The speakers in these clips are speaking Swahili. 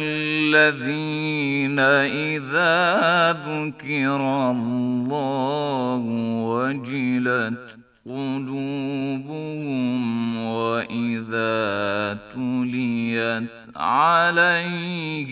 الذين إذا ذكر الله وجلت قلوبهم وإذا تليت عليه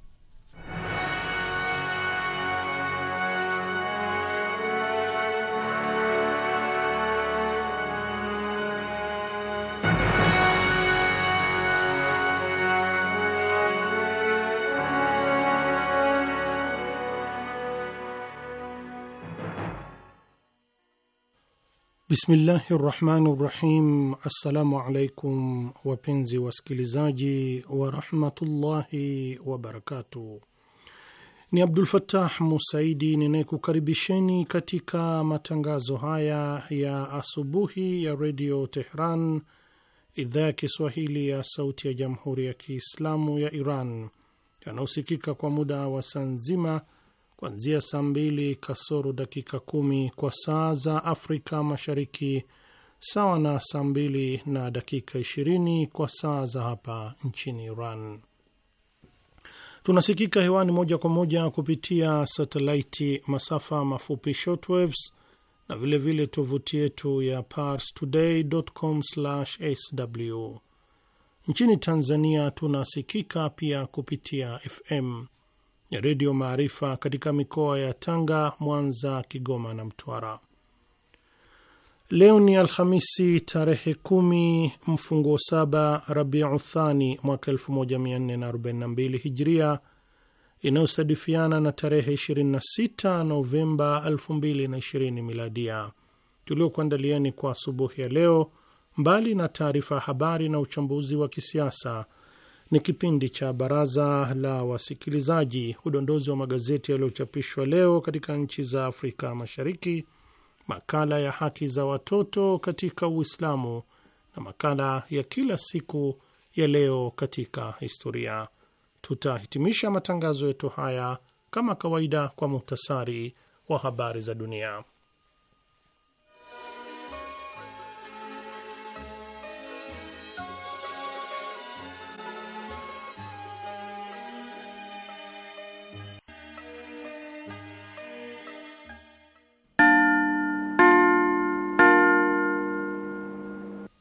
Bismillahi rahmani rahim. Assalamu alaikum wapenzi wasikilizaji warahmatullahi wabarakatuh. Ni Abdul Fattah Musaidi ninayekukaribisheni katika matangazo haya ya asubuhi ya redio Tehran, idhaa ya Kiswahili ya sauti ya jamhuri ya Kiislamu ya Iran, yanayosikika kwa muda wa saa nzima kuanzia saa mbili kasoro dakika kumi kwa saa za Afrika Mashariki, sawa na saa mbili na dakika ishirini kwa saa za hapa nchini Iran. Tunasikika hewani moja kwa moja kupitia satelaiti, masafa mafupi shortwaves na vilevile tovuti yetu ya pars com sw Nchini Tanzania tunasikika pia kupitia FM ya Redio Maarifa katika mikoa ya Tanga, Mwanza, Kigoma na Mtwara. Leo ni Alhamisi tarehe kumi mfunguo saba Rabiu Thani mwaka 1442 Hijria, inayosadifiana na tarehe 26 Novemba 2020 Miladia. Tuliokuandalieni kwa asubuhi ya leo, mbali na taarifa ya habari na uchambuzi wa kisiasa ni kipindi cha baraza la wasikilizaji, udondozi wa magazeti yaliyochapishwa leo katika nchi za Afrika Mashariki, makala ya haki za watoto katika Uislamu na makala ya kila siku ya leo katika historia. Tutahitimisha matangazo yetu haya kama kawaida kwa muhtasari wa habari za dunia.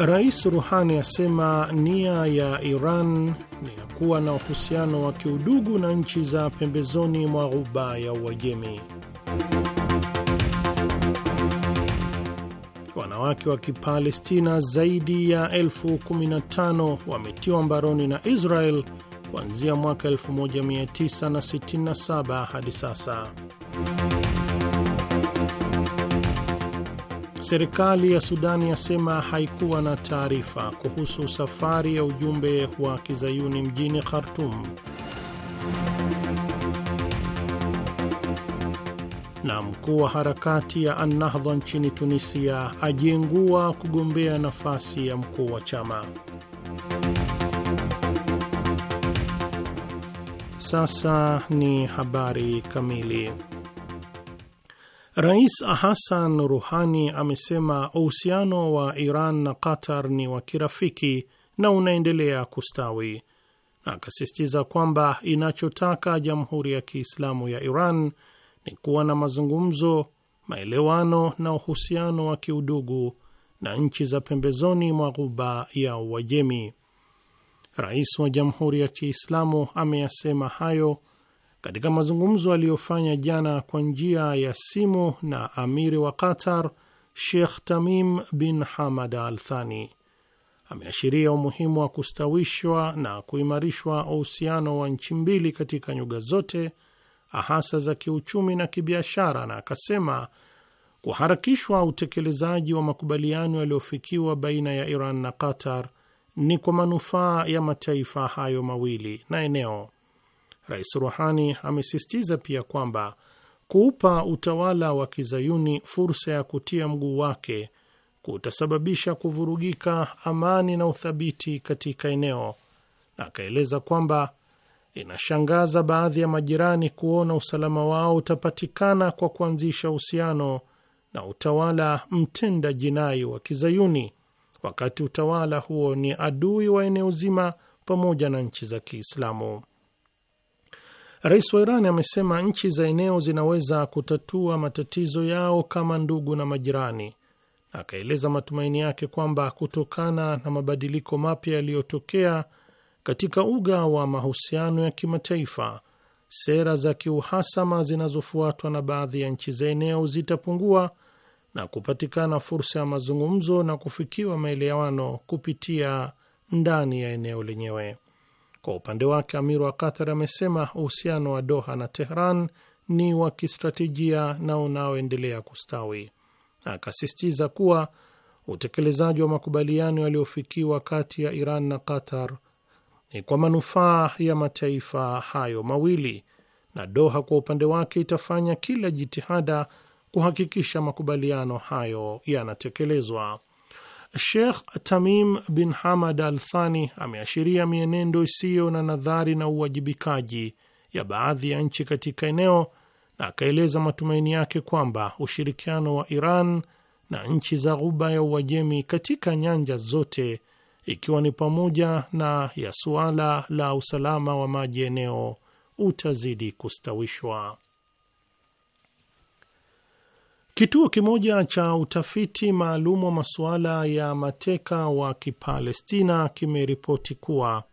Rais Ruhani asema nia ya Iran ni ya kuwa na uhusiano wa kiudugu na nchi za pembezoni mwa Ghuba ya Uajemi. Wanawake wa Kipalestina zaidi ya elfu 15 wametiwa mbaroni na Israel kuanzia mwaka 1967 hadi sasa. Serikali ya Sudani yasema haikuwa na taarifa kuhusu safari ya ujumbe wa kizayuni mjini Khartum. Na mkuu wa harakati ya Annahdha nchini Tunisia ajiengua kugombea nafasi ya mkuu wa chama. Sasa ni habari kamili. Rais Hassan Ruhani amesema uhusiano wa Iran na Qatar ni wa kirafiki na unaendelea kustawi, na akasisitiza kwamba inachotaka Jamhuri ya Kiislamu ya Iran ni kuwa na mazungumzo, maelewano na uhusiano wa kiudugu na nchi za pembezoni mwa Ghuba ya Uajemi. Rais wa Jamhuri ya Kiislamu ameyasema hayo katika mazungumzo aliyofanya jana kwa njia ya simu na amiri wa Qatar, Sheikh Tamim bin Hamad Al Thani ameashiria umuhimu wa kustawishwa na kuimarishwa uhusiano wa nchi mbili katika nyuga zote, hasa za kiuchumi na kibiashara, na akasema kuharakishwa utekelezaji wa makubaliano yaliyofikiwa baina ya Iran na Qatar ni kwa manufaa ya mataifa hayo mawili na eneo. Rais Ruhani amesisitiza pia kwamba kuupa utawala wa kizayuni fursa ya kutia mguu wake kutasababisha kuvurugika amani na uthabiti katika eneo, na akaeleza kwamba inashangaza baadhi ya majirani kuona usalama wao utapatikana kwa kuanzisha uhusiano na utawala mtenda jinai wa kizayuni, wakati utawala huo ni adui wa eneo zima pamoja na nchi za Kiislamu. Rais wa Iran amesema nchi za eneo zinaweza kutatua matatizo yao kama ndugu na majirani, na akaeleza matumaini yake kwamba kutokana na mabadiliko mapya yaliyotokea katika uga wa mahusiano ya kimataifa, sera za kiuhasama zinazofuatwa na baadhi ya nchi za eneo zitapungua na kupatikana fursa ya mazungumzo na kufikiwa maelewano kupitia ndani ya eneo lenyewe. Kwa upande wake amir wa Qatar amesema uhusiano wa Doha na Tehran ni wa kistratejia na unaoendelea kustawi, akasistiza akasisitiza kuwa utekelezaji wa makubaliano yaliyofikiwa kati ya Iran na Qatar ni kwa manufaa ya mataifa hayo mawili, na Doha kwa upande wake itafanya kila jitihada kuhakikisha makubaliano hayo yanatekelezwa. Shekh Tamim bin Hamad al Thani ameashiria mienendo isiyo na nadhari na uwajibikaji ya baadhi ya nchi katika eneo na akaeleza matumaini yake kwamba ushirikiano wa Iran na nchi za Ghuba ya Uajemi katika nyanja zote ikiwa ni pamoja na ya suala la usalama wa maji eneo utazidi kustawishwa. Kituo kimoja cha utafiti maalum wa masuala ya mateka wa Kipalestina kimeripoti kuwa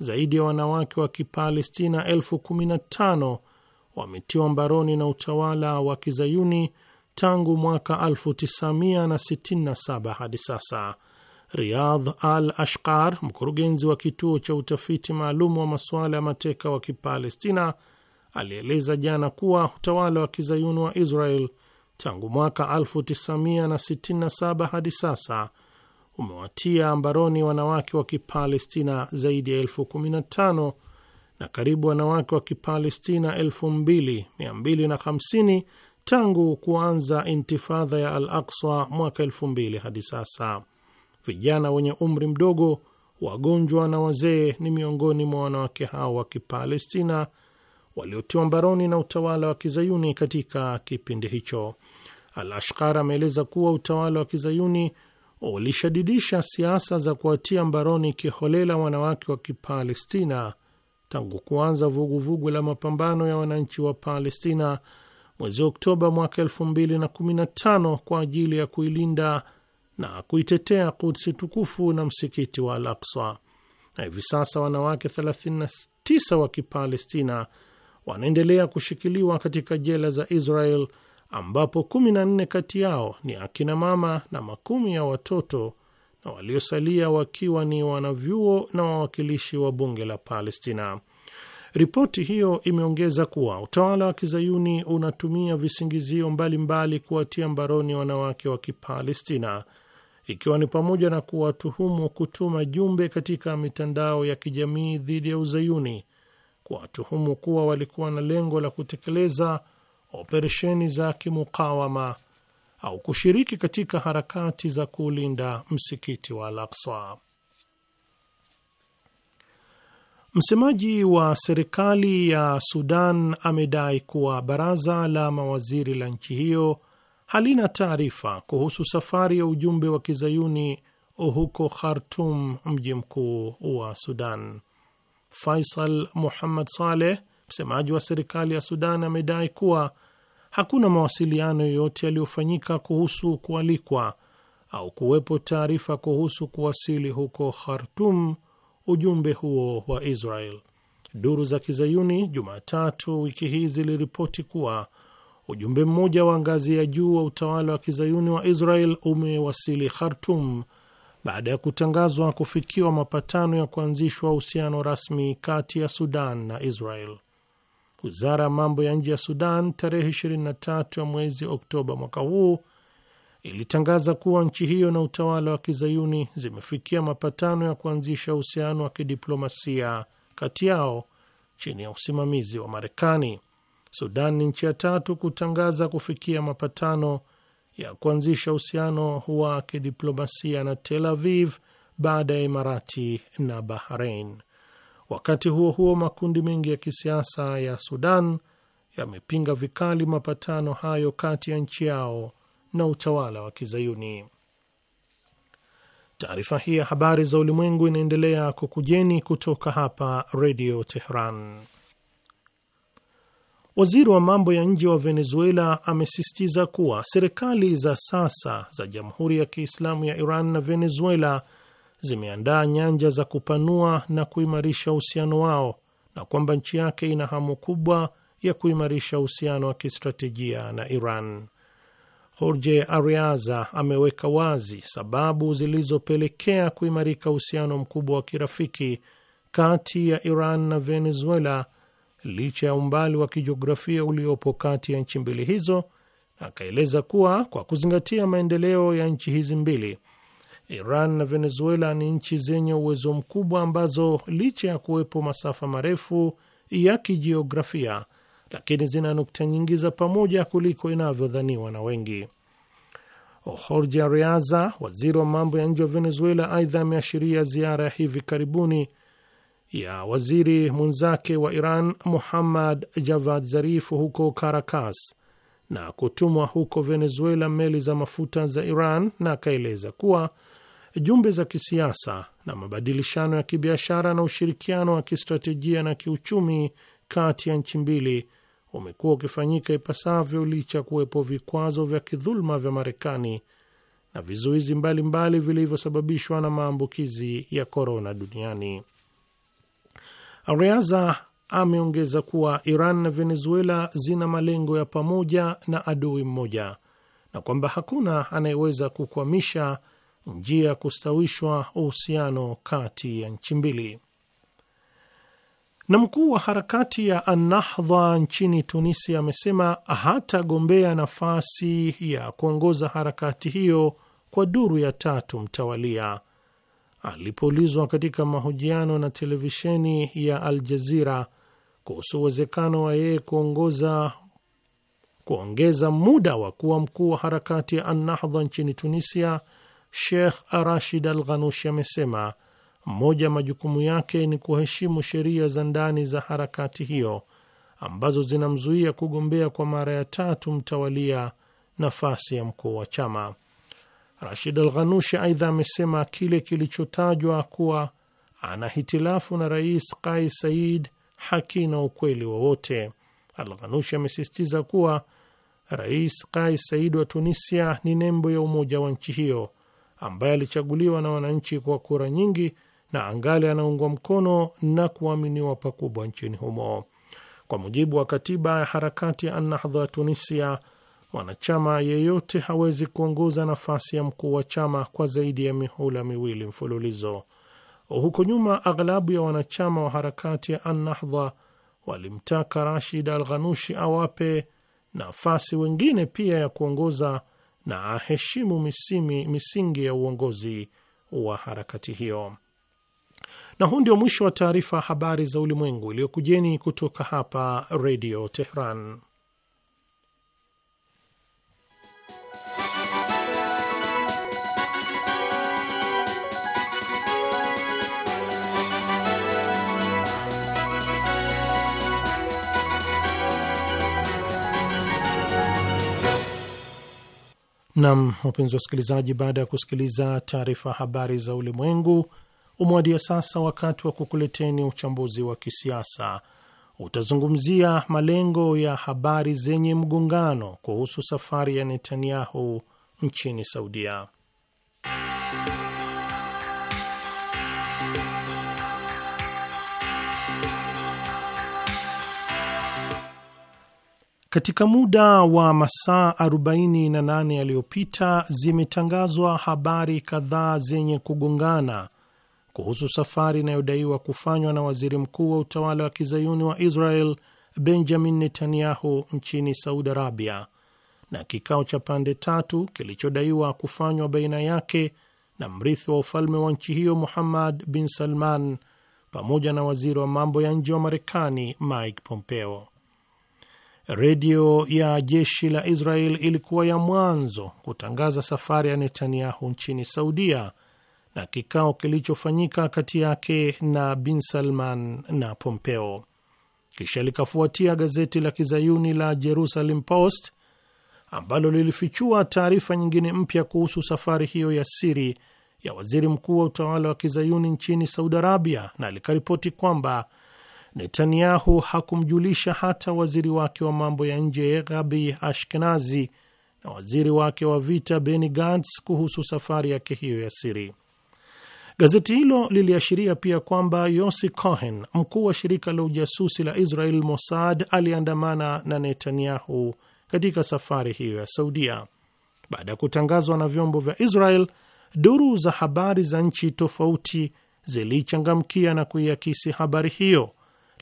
zaidi ya wanawake wa Kipalestina elfu kumi na tano wametiwa mbaroni na utawala wa kizayuni tangu mwaka 1967 hadi sasa. Riyadh Al ashkar mkurugenzi wa kituo cha utafiti maalum wa masuala ya mateka wa Kipalestina, alieleza jana kuwa utawala wa kizayuni wa Israel tangu mwaka 1967 hadi sasa umewatia mbaroni wanawake wa Kipalestina zaidi ya elfu kumi na tano na karibu wanawake wa Kipalestina elfu mbili mia mbili na hamsini tangu kuanza intifadha ya Al Aksa mwaka elfu mbili hadi sasa. Vijana wenye umri mdogo, wagonjwa na wazee ni miongoni mwa wanawake hao wa Kipalestina waliotiwa mbaroni na utawala wa kizayuni katika kipindi hicho. Al Ashkar ameeleza kuwa utawala wa kizayuni ulishadidisha siasa za kuwatia mbaroni kiholela wanawake wa Kipalestina tangu kuanza vuguvugu vugu la mapambano ya wananchi wa Palestina mwezi Oktoba mwaka 2015 kwa ajili ya kuilinda na kuitetea Kudsi tukufu na msikiti wa Al Aksa, na hivi sasa wanawake 39 wa Kipalestina wanaendelea kushikiliwa katika jela za Israel ambapo nne kati yao ni akina mama na makumi ya watoto na waliosalia wakiwa ni wanavyuo na wawakilishi wa bunge la Palestina. Ripoti hiyo imeongeza kuwa utawala wa kizayuni unatumia visingizio mbalimbali kuwatia mbaroni wanawake wa Kipalestina, ikiwa ni pamoja na kuwatuhumu kutuma jumbe katika mitandao ya kijamii dhidi ya Uzayuni, kuwatuhumu kuwa walikuwa na lengo la kutekeleza operesheni za kimukawama au kushiriki katika harakati za kulinda msikiti wa Al-Aqsa. Msemaji wa serikali ya Sudan amedai kuwa baraza la mawaziri la nchi hiyo halina taarifa kuhusu safari ya ujumbe wa kizayuni huko Khartum, mji mkuu wa Sudan. Faisal Muhammad Saleh, msemaji wa serikali ya Sudan, amedai kuwa hakuna mawasiliano yoyote yaliyofanyika kuhusu kualikwa au kuwepo taarifa kuhusu kuwasili huko Khartum ujumbe huo wa Israel. Duru za kizayuni Jumatatu wiki hii ziliripoti kuwa ujumbe mmoja wa ngazi ya juu wa utawala wa kizayuni wa Israel umewasili Khartum baada ya kutangazwa kufikiwa mapatano ya kuanzishwa uhusiano rasmi kati ya Sudan na Israel. Wizara ya mambo ya nje ya Sudan tarehe 23 ya mwezi Oktoba mwaka huu ilitangaza kuwa nchi hiyo na utawala wa kizayuni zimefikia mapatano ya kuanzisha uhusiano wa kidiplomasia kati yao chini ya usimamizi wa Marekani. Sudan ni nchi ya tatu kutangaza kufikia mapatano ya kuanzisha uhusiano wa kidiplomasia na Tel Aviv baada ya Imarati na Bahrain. Wakati huo huo, makundi mengi ya kisiasa ya Sudan yamepinga vikali mapatano hayo kati ya nchi yao na utawala wa Kizayuni. Taarifa hii ya habari za ulimwengu inaendelea kukujeni kutoka hapa Redio Tehran. Waziri wa mambo ya nje wa Venezuela amesisitiza kuwa serikali za sasa za Jamhuri ya Kiislamu ya Iran na Venezuela zimeandaa nyanja za kupanua na kuimarisha uhusiano wao na kwamba nchi yake ina hamu kubwa ya kuimarisha uhusiano wa kistratejia na Iran. Jorge Ariaza ameweka wazi sababu zilizopelekea kuimarika uhusiano mkubwa wa kirafiki kati ya Iran na Venezuela licha ya umbali wa kijiografia uliopo kati ya nchi mbili hizo, akaeleza kuwa kwa kuzingatia maendeleo ya nchi hizi mbili Iran na Venezuela ni nchi zenye uwezo mkubwa ambazo licha ya kuwepo masafa marefu ya kijiografia, lakini zina nukta nyingi za pamoja kuliko inavyodhaniwa na wengi. Jorge Arreaza, waziri wa mambo ya nje wa Venezuela, aidha ameashiria ziara ya hivi karibuni ya waziri mwenzake wa Iran Muhammad Javad Zarif huko Caracas na kutumwa huko Venezuela meli za mafuta za Iran, na akaeleza kuwa jumbe za kisiasa na mabadilishano ya kibiashara na ushirikiano wa kistratejia na kiuchumi kati ya nchi mbili umekuwa ukifanyika ipasavyo licha ya kuwepo vikwazo vya kidhuluma vya Marekani na vizuizi mbalimbali vilivyosababishwa na maambukizi ya korona duniani. Reaza ameongeza kuwa Iran na Venezuela zina malengo ya pamoja na adui mmoja na kwamba hakuna anayeweza kukwamisha njia ya kustawishwa uhusiano kati ya nchi mbili. Na mkuu wa harakati ya Annahdha nchini Tunisia amesema hatagombea nafasi ya kuongoza harakati hiyo kwa duru ya tatu mtawalia. Alipoulizwa katika mahojiano na televisheni ya Al Jazira kuhusu uwezekano wa yeye kuongoza kuongeza muda wa kuwa mkuu wa harakati ya Annahdha nchini Tunisia, Sheikh Rashid Al Ghanushi amesema moja majukumu yake ni kuheshimu sheria za ndani za harakati hiyo ambazo zinamzuia kugombea kwa mara ya tatu mtawalia nafasi ya mkuu wa chama. Rashid Al Ghanushi aidha amesema kile kilichotajwa kuwa ana hitilafu na Rais Kais Saied haki na ukweli wowote. Al Ghanushi amesisitiza kuwa Rais Kais Saied wa Tunisia ni nembo ya umoja wa nchi hiyo ambaye alichaguliwa na wananchi kwa kura nyingi na angali anaungwa mkono na kuaminiwa pakubwa nchini humo. Kwa mujibu wa katiba ya harakati ya Annahdha ya Tunisia, mwanachama yeyote hawezi kuongoza nafasi ya mkuu wa chama kwa zaidi ya mihula miwili mfululizo. Huko nyuma, aghlabu ya wanachama wa harakati ya Annahdha walimtaka Rashid Al Ghanushi awape nafasi wengine pia ya kuongoza na aheshimu misimi, misingi ya uongozi wa harakati hiyo. Na huu ndio mwisho wa taarifa habari za ulimwengu iliyokujeni kutoka hapa Redio Tehran. Nam, wapenzi wasikilizaji, baada ya kusikiliza taarifa habari za ulimwengu, umewadia sasa wakati wa kukuleteni uchambuzi wa kisiasa. Utazungumzia malengo ya habari zenye mgongano kuhusu safari ya Netanyahu nchini Saudia. Katika muda wa masaa 48 yaliyopita zimetangazwa habari kadhaa zenye kugongana kuhusu safari inayodaiwa kufanywa na waziri mkuu wa utawala wa kizayuni wa Israel Benjamin Netanyahu nchini Saudi Arabia na kikao cha pande tatu kilichodaiwa kufanywa baina yake na mrithi wa ufalme wa nchi hiyo Muhammad bin Salman pamoja na waziri wa mambo ya nje wa Marekani Mike Pompeo. Redio ya jeshi la Israel ilikuwa ya mwanzo kutangaza safari ya Netanyahu nchini Saudia na kikao kilichofanyika kati yake na bin Salman na Pompeo. Kisha likafuatia gazeti la kizayuni la Jerusalem Post ambalo lilifichua taarifa nyingine mpya kuhusu safari hiyo ya siri ya waziri mkuu wa utawala wa kizayuni nchini Saudi Arabia, na likaripoti kwamba Netanyahu hakumjulisha hata waziri wake wa mambo ya nje Gabi Ashkenazi na waziri wake wa vita beni Gantz kuhusu safari yake hiyo ya siri. Gazeti hilo liliashiria pia kwamba Yossi Cohen, mkuu wa shirika la ujasusi la Israel Mossad, aliandamana na Netanyahu katika safari hiyo ya Saudia. Baada ya kutangazwa na vyombo vya Israel, duru za habari za nchi tofauti zilichangamkia na kuiakisi habari hiyo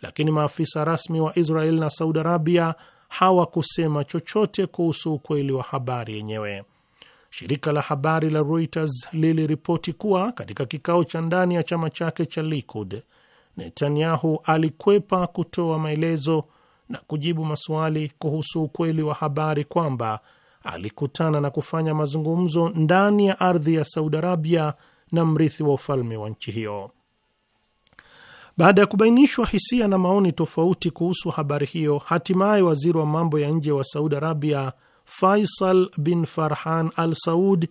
lakini maafisa rasmi wa Israel na Saudi Arabia hawakusema chochote kuhusu ukweli wa habari yenyewe. Shirika la habari la Reuters liliripoti kuwa katika kikao cha ndani ya chama chake cha Likud, Netanyahu alikwepa kutoa maelezo na kujibu maswali kuhusu ukweli wa habari kwamba alikutana na kufanya mazungumzo ndani ya ardhi ya Saudi Arabia na mrithi wa ufalme wa nchi hiyo. Baada ya kubainishwa hisia na maoni tofauti kuhusu habari hiyo, hatimaye waziri wa mambo ya nje wa Saudi Arabia Faisal bin Farhan Al Saud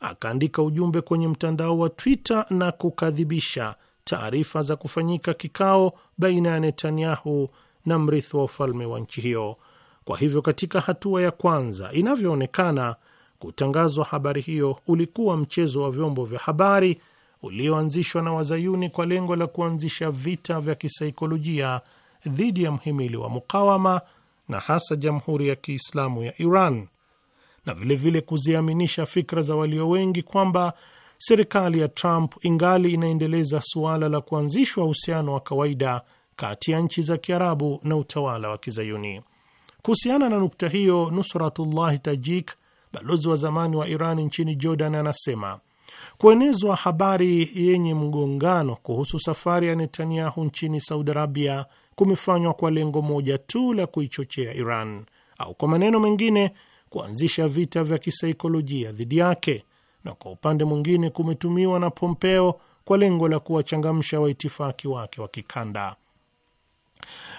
akaandika ujumbe kwenye mtandao wa Twitter na kukadhibisha taarifa za kufanyika kikao baina ya Netanyahu na mrithi wa ufalme wa nchi hiyo. Kwa hivyo, katika hatua ya kwanza, inavyoonekana, kutangazwa habari hiyo ulikuwa mchezo wa vyombo vya habari ulioanzishwa na wazayuni kwa lengo la kuanzisha vita vya kisaikolojia dhidi ya mhimili wa mukawama na hasa Jamhuri ya Kiislamu ya Iran na vilevile vile kuziaminisha fikra za walio wengi kwamba serikali ya Trump ingali inaendeleza suala la kuanzishwa uhusiano wa kawaida kati ya nchi za Kiarabu na utawala wa Kizayuni. Kuhusiana na nukta hiyo, Nusratullahi Tajik, balozi wa zamani wa Iran nchini Jordan, anasema Kuenezwa habari yenye mgongano kuhusu safari ya Netanyahu nchini Saudi Arabia kumefanywa kwa lengo moja tu la kuichochea Iran, au kwa maneno mengine, kuanzisha vita vya kisaikolojia dhidi yake, na kwa upande mwingine kumetumiwa na Pompeo kwa lengo la kuwachangamsha waitifaki wake wa kikanda.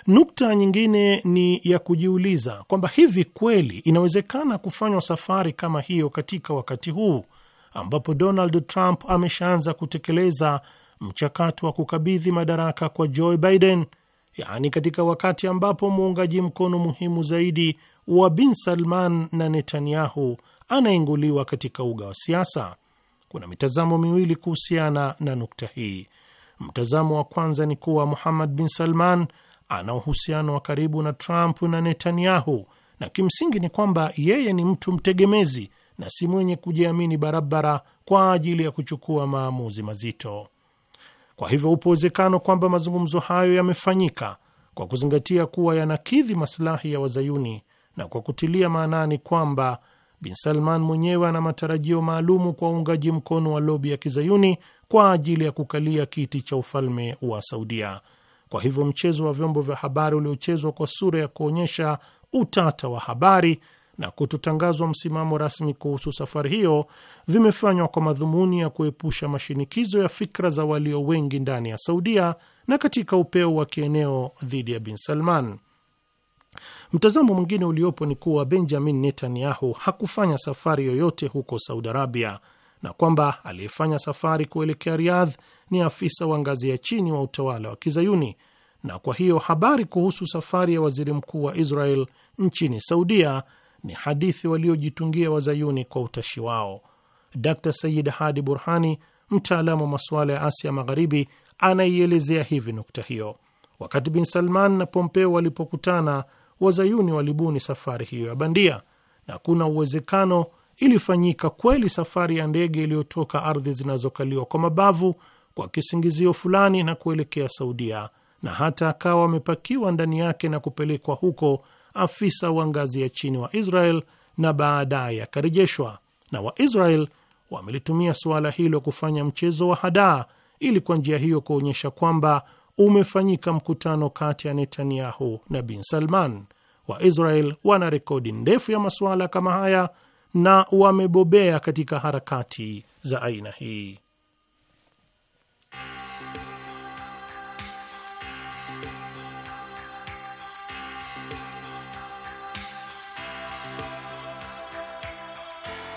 Nukta nyingine ni ya kujiuliza kwamba hivi kweli inawezekana kufanywa safari kama hiyo katika wakati huu ambapo Donald Trump ameshaanza kutekeleza mchakato wa kukabidhi madaraka kwa Joe Biden, yaani katika wakati ambapo muungaji mkono muhimu zaidi wa Bin Salman na Netanyahu anainguliwa katika uga wa siasa. Kuna mitazamo miwili kuhusiana na nukta hii. Mtazamo wa kwanza ni kuwa Muhammad Bin Salman ana uhusiano wa karibu na Trump na Netanyahu, na kimsingi ni kwamba yeye ni mtu mtegemezi na si mwenye kujiamini barabara kwa ajili ya kuchukua maamuzi mazito. Kwa hivyo upo uwezekano kwamba mazungumzo hayo yamefanyika kwa kuzingatia kuwa yanakidhi masilahi ya Wazayuni na kwa kutilia maanani kwamba Bin Salman mwenyewe ana matarajio maalumu kwa uungaji mkono wa lobi ya Kizayuni kwa ajili ya kukalia kiti cha ufalme wa Saudia. Kwa hivyo mchezo wa vyombo vya habari uliochezwa kwa sura ya kuonyesha utata wa habari na kutotangazwa msimamo rasmi kuhusu safari hiyo vimefanywa kwa madhumuni ya kuepusha mashinikizo ya fikra za walio wengi ndani ya Saudia na katika upeo wa kieneo dhidi ya Bin Salman. Mtazamo mwingine uliopo ni kuwa Benjamin Netanyahu hakufanya safari yoyote huko Saudi Arabia na kwamba aliyefanya safari kuelekea Riyadh ni afisa wa ngazi ya chini wa utawala wa Kizayuni, na kwa hiyo habari kuhusu safari ya waziri mkuu wa Israel nchini Saudia ni hadithi waliojitungia wazayuni kwa utashi wao. Dr Sayid Hadi Burhani, mtaalamu wa masuala ya Asia Magharibi, anaielezea hivi nukta hiyo: wakati Bin Salman na Pompeo walipokutana, wazayuni walibuni safari hiyo ya bandia, na kuna uwezekano ilifanyika kweli safari ya ndege iliyotoka ardhi zinazokaliwa kwa mabavu kwa kisingizio fulani na kuelekea Saudia, na hata akawa amepakiwa ndani yake na kupelekwa huko afisa wa ngazi ya chini wa Israel na baadaye akarejeshwa. Na Waisrael wamelitumia suala hilo kufanya mchezo wa hadaa, ili kwa njia hiyo kuonyesha kwamba umefanyika mkutano kati ya Netanyahu na bin Salman. Waisrael wana rekodi ndefu ya masuala kama haya na wamebobea katika harakati za aina hii.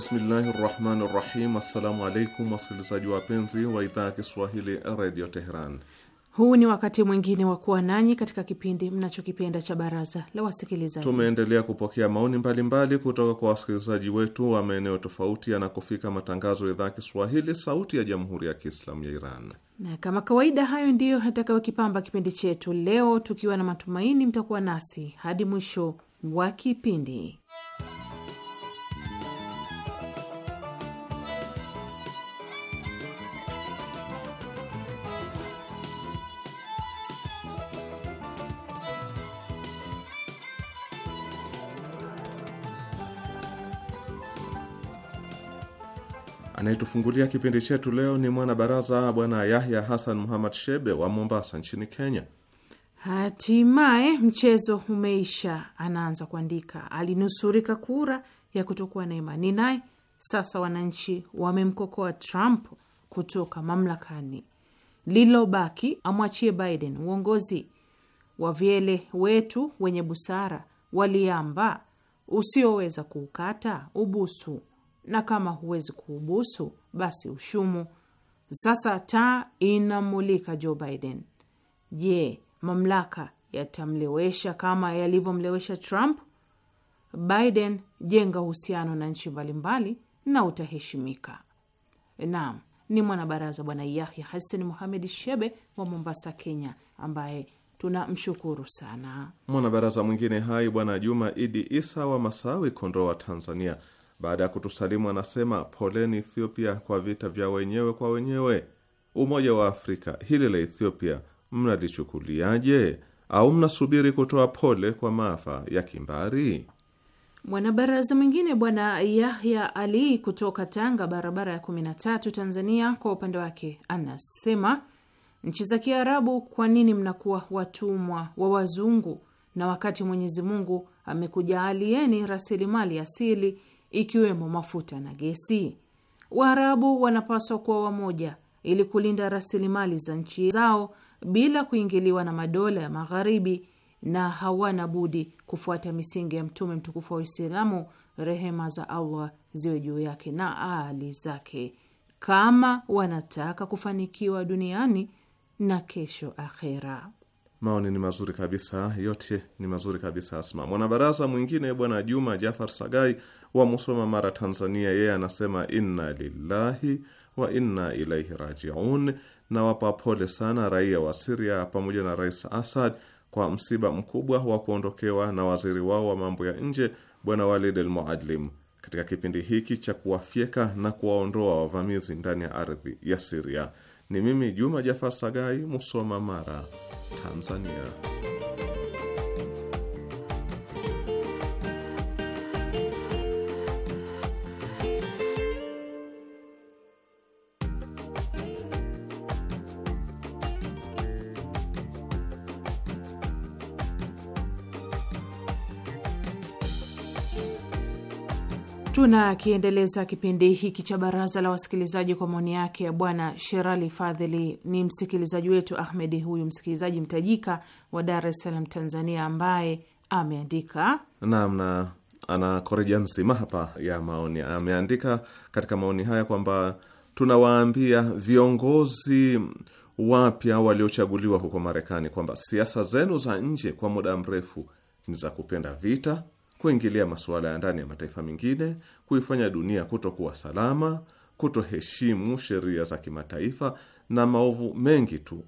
Bismillahi rahmani rahim. Assalamu alaikum wasikilizaji wapenzi wa idhaa ya Kiswahili redio Teheran. Huu ni wakati mwingine wa kuwa nanyi katika kipindi mnachokipenda cha baraza la wasikilizaji. Tumeendelea kupokea maoni mbalimbali mbali kutoka kwa wasikilizaji wetu wa maeneo tofauti yanakofika matangazo ya idhaa ya Kiswahili sauti ya jamhuri ya Kiislamu ya Iran, na kama kawaida, hayo ndiyo yatakayokipamba kipindi chetu leo, tukiwa na matumaini mtakuwa nasi hadi mwisho wa kipindi. Anayetufungulia kipindi chetu leo ni mwanabaraza Bwana Yahya Hassan Muhammad Shebe wa Mombasa nchini Kenya. Hatimaye mchezo umeisha, anaanza kuandika. Alinusurika kura ya kutokuwa na imani naye. Sasa wananchi wamemkokoa Trump kutoka mamlakani, lilobaki amwachie Biden uongozi. Wavyele wetu wenye busara waliamba, usioweza kuukata ubusu na kama huwezi kuubusu basi ushumu. Sasa taa inamulika Joe Biden. Je, mamlaka yatamlewesha kama yalivyomlewesha Trump? Biden, jenga uhusiano na nchi mbalimbali na utaheshimika. Naam, ni mwanabaraza Bwana Yahya Hassan Muhamed Shebe wa Mombasa, Kenya, ambaye tunamshukuru sana. Mwanabaraza mwingine hai Bwana Juma Idi Isa wa Masawi, Kondoa, Tanzania, baada ya kutusalimu anasema poleni Ethiopia kwa vita vya wenyewe kwa wenyewe. Umoja wa Afrika, hili la Ethiopia mnalichukuliaje? Au mnasubiri kutoa pole kwa maafa ya kimbari? Mwanabaraza mwingine Bwana Yahya Ali kutoka Tanga, barabara ya 13, Tanzania, kwa upande wake anasema nchi za Kiarabu, kwa nini mnakuwa watumwa wa wazungu na wakati Mwenyezi Mungu amekujaalieni rasilimali asili ikiwemo mafuta na gesi. Waarabu wanapaswa kuwa wamoja ili kulinda rasilimali za nchi zao bila kuingiliwa na madola ya Magharibi, na hawana budi kufuata misingi ya Mtume mtukufu wa Uislamu, rehema za Allah ziwe juu yake na aali zake, kama wanataka kufanikiwa duniani na kesho akhera. Maoni ni mazuri kabisa, yote ni mazuri kabisa. Asma mwanabaraza mwingine Bwana Juma Jafar Sagai wa Musoma, Mara, Tanzania, yeye anasema inna lillahi wa inna ilaihi rajiun. Nawapa pole sana raia wa Siria pamoja na Rais Assad kwa msiba mkubwa wa kuondokewa na waziri wao wa mambo ya nje Bwana Walid El Muadlim katika kipindi hiki cha kuwafyeka na kuwaondoa wavamizi ndani ya ardhi ya Siria. Ni mimi Juma Jafar Sagai, Musoma, Mara, Tanzania. Tunakiendeleza kipindi hiki cha baraza la wasikilizaji kwa maoni yake ya bwana Sherali Fadhili, ni msikilizaji wetu Ahmedi, huyu msikilizaji mtajika wa Dar es Salaam, Tanzania, ambaye ameandika naam, na ana korejan nzima hapa ya maoni. Ameandika katika maoni haya kwamba tunawaambia viongozi wapya waliochaguliwa huko Marekani kwamba siasa zenu za nje kwa muda mrefu ni za kupenda vita kuingilia masuala ya ndani ya mataifa mengine, kuifanya dunia kutokuwa salama, kutoheshimu sheria za kimataifa na maovu mengi tu.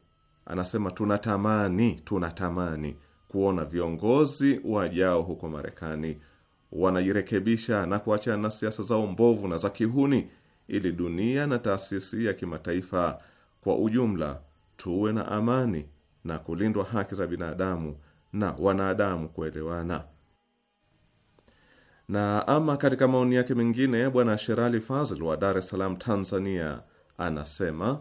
Anasema tunatamani, tunatamani kuona viongozi wajao huko Marekani wanajirekebisha na kuachana na siasa zao mbovu na za kihuni, ili dunia na taasisi ya kimataifa kwa ujumla tuwe na amani na kulindwa haki za binadamu na wanadamu kuelewana. Na ama katika maoni yake mengine, bwana Sherali Fazl wa Dar es Salaam, Tanzania, anasema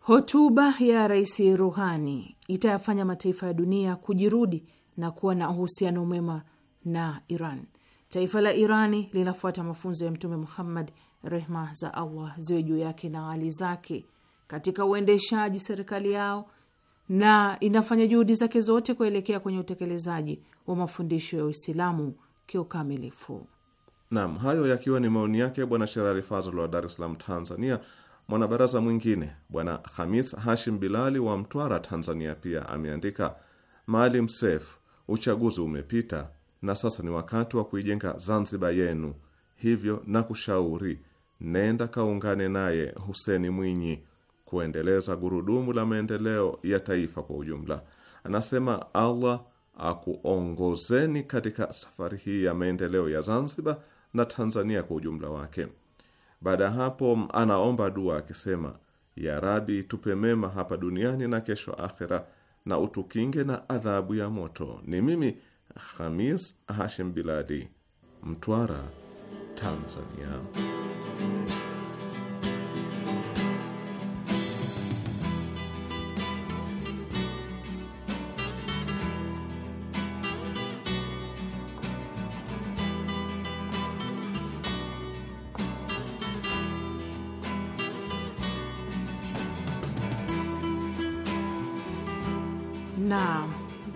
hotuba ya Rais Ruhani itayafanya mataifa ya dunia kujirudi na kuwa na uhusiano mwema na Iran. Taifa la Irani linafuata mafunzo ya Mtume Muhammad, rehma za Allah ziwe juu yake na hali zake, katika uendeshaji serikali yao na inafanya juhudi zake zote kuelekea kwenye utekelezaji wa mafundisho ya Uislamu kiukamilifu. Naam, hayo yakiwa ni maoni yake Bwana Sherari Fazl wa Dar es Salaam, Tanzania. Mwanabaraza mwingine Bwana Hamis Hashim Bilali wa Mtwara, Tanzania, pia ameandika Maalim Seif, uchaguzi umepita na sasa ni wakati wa kuijenga Zanzibar yenu, hivyo na kushauri nenda kaungane naye Huseni Mwinyi kuendeleza gurudumu la maendeleo ya taifa kwa ujumla. Anasema Allah akuongozeni katika safari hii ya maendeleo ya Zanzibar na Tanzania kwa ujumla wake. Baada ya hapo, anaomba dua akisema, ya Rabi, tupe mema hapa duniani na kesho akhera, na utukinge na adhabu ya moto. Ni mimi Hamis Hashim Biladi, Mtwara, Tanzania.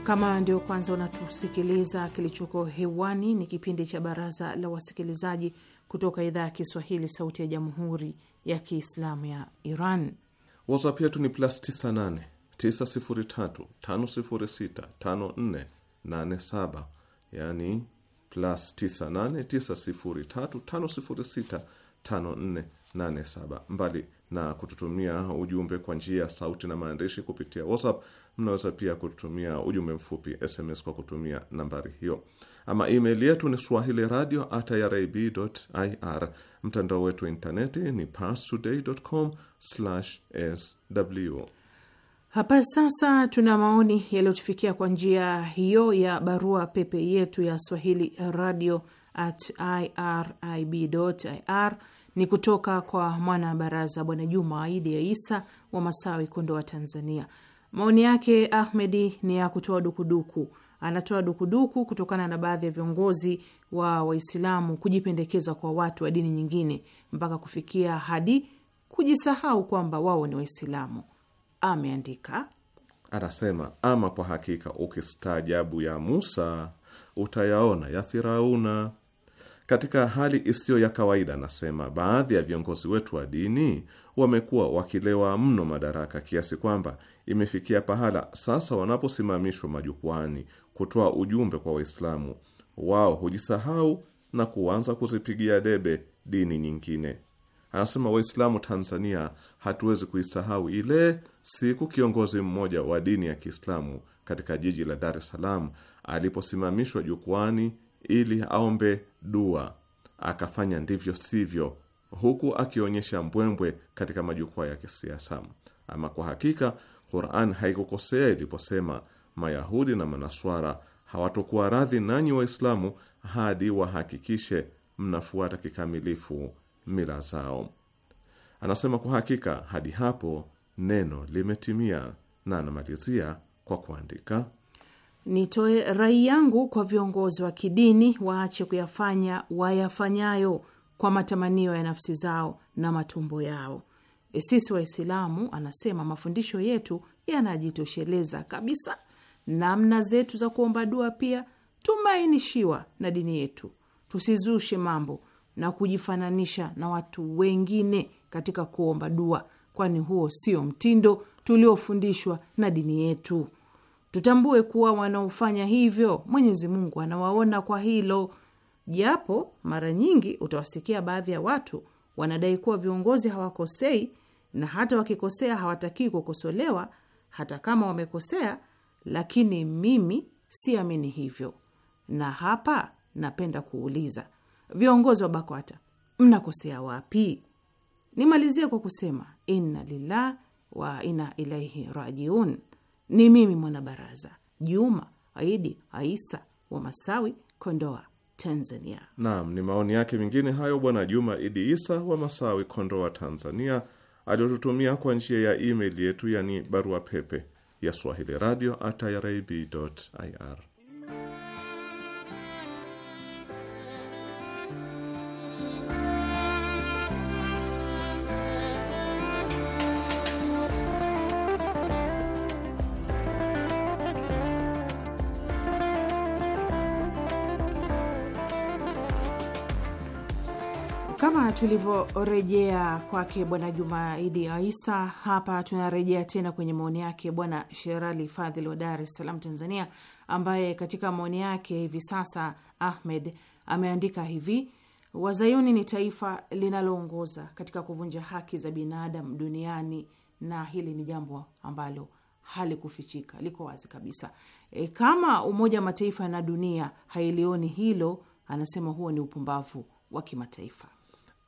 Kama ndio kwanza unatusikiliza, kilichoko hewani ni kipindi cha Baraza la Wasikilizaji kutoka idhaa ya Kiswahili, Sauti ya Jamhuri ya Kiislamu ya Iran. WhatsApp yetu ni plus 98 903 506 yani plus 98 903 506 5487. Mbali na kututumia ujumbe kwa njia ya sauti na maandishi kupitia WhatsApp. Mnaweza pia kututumia ujumbe mfupi SMS kwa kutumia nambari hiyo. Ama email yetu ni swahili radio at Mtandao wetu wa intaneti ni pastoday.com sw. Hapa sasa tuna maoni yaliyotufikia kwa njia hiyo ya barua pepe yetu ya swahili radio at ni kutoka kwa mwana baraza Bwana Juma Aidi ya Isa wa Masawi, Kondoa, Tanzania. Maoni yake Ahmedi ni ya kutoa dukuduku. Anatoa dukuduku kutokana na baadhi ya viongozi wa Waislamu kujipendekeza kwa watu wa dini nyingine mpaka kufikia hadi kujisahau kwamba wao ni Waislamu. Ameandika, anasema ama kwa hakika ukistaajabu ya Musa utayaona ya Firauna katika hali isiyo ya kawaida. Anasema baadhi ya viongozi wetu wa dini wamekuwa wakilewa mno madaraka kiasi kwamba imefikia pahala sasa wanaposimamishwa majukwani kutoa ujumbe kwa Waislamu, wao hujisahau na kuanza kuzipigia debe dini nyingine. Anasema Waislamu Tanzania hatuwezi kuisahau ile siku kiongozi mmoja wa dini ya Kiislamu katika jiji la Dar es Salaam aliposimamishwa jukwani ili aombe dua, akafanya ndivyo sivyo, huku akionyesha mbwembwe katika majukwaa ya kisiasa. Ama kwa hakika Qur'an haikukosea iliposema Mayahudi na Manaswara hawatokuwa radhi nanyi Waislamu hadi wahakikishe mnafuata kikamilifu mila zao. Anasema kwa hakika hadi hapo neno limetimia, na anamalizia kwa kuandika Nitoe rai yangu kwa viongozi wa kidini waache kuyafanya wayafanyayo kwa matamanio ya nafsi zao na matumbo yao. E, sisi Waislamu, anasema mafundisho yetu yanajitosheleza kabisa. Namna zetu za kuomba dua pia tumeainishiwa na dini yetu. Tusizushe mambo na kujifananisha na watu wengine katika kuomba dua, kwani huo sio mtindo tuliofundishwa na dini yetu. Tutambue kuwa wanaofanya hivyo Mwenyezi Mungu anawaona kwa hilo, japo mara nyingi utawasikia baadhi ya watu wanadai kuwa viongozi hawakosei na hata wakikosea hawatakii kukosolewa hata kama wamekosea, lakini mimi siamini hivyo. Na hapa napenda kuuliza viongozi wa BAKWATA, mnakosea wapi? Nimalizie kwa kusema inna lillah wa inna ilaihi rajiun. Ni mimi mwanabaraza Juma Aidi Aisa wa Masawi, Kondoa, Tanzania. Naam, ni maoni yake mengine hayo Bwana Juma Idi Isa wa Masawi, Kondoa, Tanzania, aliyotutumia kwa njia ya email yetu, yani barua pepe ya swahili radio irib ir tulivyorejea kwake Bwana Juma Idi Aisa, hapa tunarejea tena kwenye maoni yake Bwana Sherali Fadhili wa Dar es Salaam, Tanzania, ambaye katika maoni yake hivi sasa Ahmed ameandika hivi: Wazayuni ni taifa linaloongoza katika kuvunja haki za binadamu duniani, na hili ni jambo ambalo halikufichika, liko wazi kabisa. E, kama Umoja wa Mataifa na dunia hailioni hilo, anasema huo ni upumbavu wa kimataifa.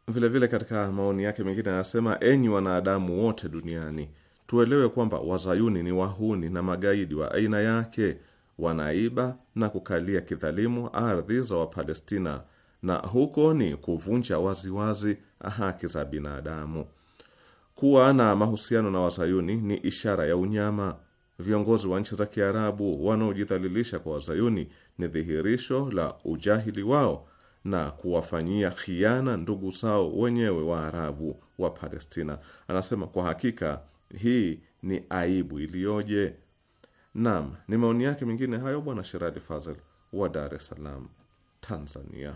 Vilevile vile katika maoni yake mengine anasema, enyi wanadamu wote duniani, tuelewe kwamba wazayuni ni wahuni na magaidi wa aina yake, wanaiba na kukalia kidhalimu ardhi za Wapalestina na huko ni kuvunja waziwazi haki za binadamu. Kuwa na mahusiano na wazayuni ni ishara ya unyama. Viongozi wa nchi za Kiarabu wanaojidhalilisha kwa wazayuni ni dhihirisho la ujahili wao na kuwafanyia khiana ndugu zao wenyewe wa arabu wa Palestina. Anasema kwa hakika hii ni aibu iliyoje. Naam, ni maoni yake mengine hayo, Bwana Sherali Fazal wa Dar es Salaam, Tanzania.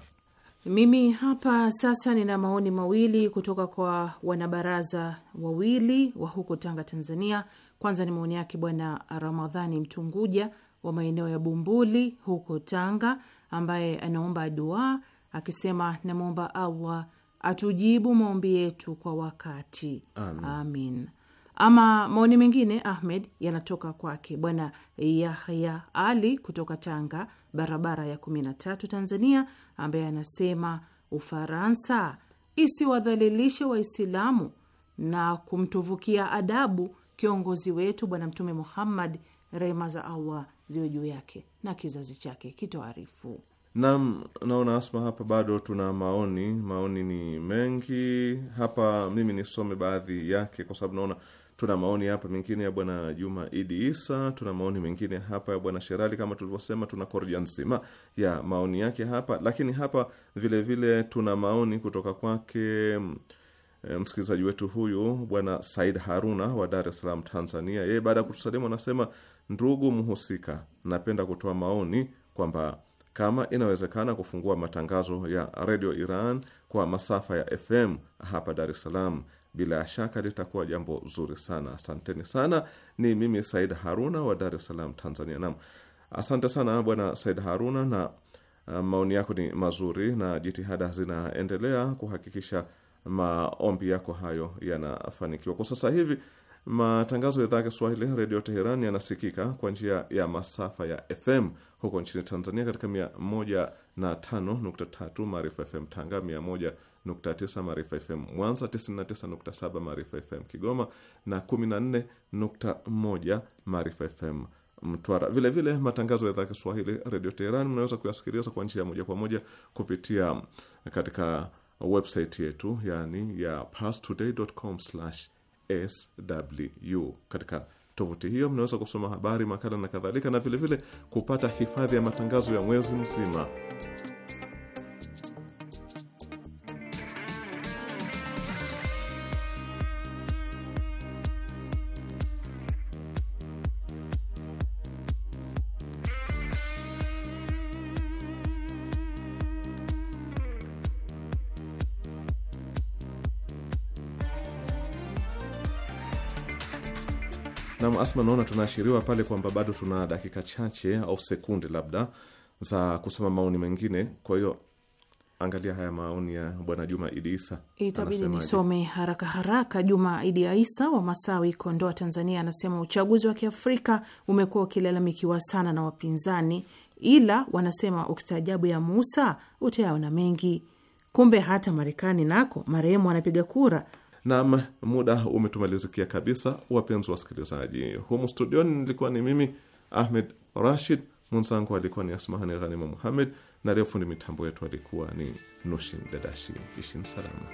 Mimi hapa sasa nina maoni mawili kutoka kwa wanabaraza wawili wa huko Tanga, Tanzania. Kwanza ni maoni yake Bwana Ramadhani Mtunguja wa maeneo ya Bumbuli huko Tanga, ambaye anaomba dua akisema, namwomba Allah atujibu maombi yetu kwa wakati amin, amin. Ama maoni mengine Ahmed yanatoka kwake bwana Yahya Ali kutoka Tanga, barabara ya kumi na tatu, Tanzania, ambaye anasema Ufaransa isiwadhalilishe Waislamu na kumtuvukia adabu kiongozi wetu Bwana Mtume Muhammad, rehma za Allah ziwe juu yake na kizazi chake kitoarifu. Naam, naona Asma, hapa bado tuna maoni. Maoni ni mengi hapa, mimi nisome baadhi yake kwa sababu naona tuna maoni hapa mengine ya bwana Juma Idi Isa, tuna maoni mengine hapa ya bwana Sherali. Kama tulivyosema, tuna korja nzima ya maoni yake hapa, lakini hapa vile vile tuna maoni kutoka kwake eh, msikilizaji wetu huyu bwana Said Haruna wa Dar es Salaam, Tanzania. Yeye baada ya kutusalimu anasema, ndugu mhusika, napenda kutoa maoni kwamba kama inawezekana kufungua matangazo ya redio Iran kwa masafa ya FM hapa Dar es Salaam, bila shaka litakuwa jambo zuri sana. Asanteni sana. Ni mimi Said Haruna wa Dar es Salaam, Tanzania. Naam, asante sana Bwana Said Haruna, na uh, maoni yako ni mazuri na jitihada zinaendelea kuhakikisha maombi yako hayo yanafanikiwa. Kwa sasa hivi matangazo ya idhaa ya Kiswahili redio Teheran yanasikika kwa njia ya masafa ya FM huko nchini Tanzania katika 105.3 Maarifa FM Tanga, 101.9 Maarifa FM Mwanza, 99.7 Maarifa FM Kigoma na 14.1 Maarifa FM Mtwara. Vile vile matangazo ya idhaa Kiswahili Radio Teheran mnaweza kuyasikiliza kwa njia moja kwa moja kupitia katika website yetu yani ya parstoday.com/sw katika Tovuti hiyo mnaweza kusoma habari, makala na kadhalika, na vilevile vile kupata hifadhi ya matangazo ya mwezi mzima. Asma, naona tunaashiriwa pale kwamba bado tuna dakika chache au sekunde labda za kusoma maoni mengine, kwa hiyo Angalia haya maoni ya bwana Juma Idi Isa, itabidi nisome haraka haraka. Juma Idi Isa wa Masawi, Kondoa, Tanzania, anasema uchaguzi wa kiafrika umekuwa ukilalamikiwa sana na wapinzani, ila wanasema ukistaajabu ya Musa utayaona mengi. Kumbe hata Marekani nako marehemu anapiga kura Naam, muda umetumalizikia kabisa, wapenzi wasikilizaji. Humu studioni nilikuwa ni mimi Ahmed Rashid, mwenzangu alikuwa ni Asmahani Ghanima Muhammed, na leo fundi mitambo yetu alikuwa ni Nushin Dadashi. Ishin salama.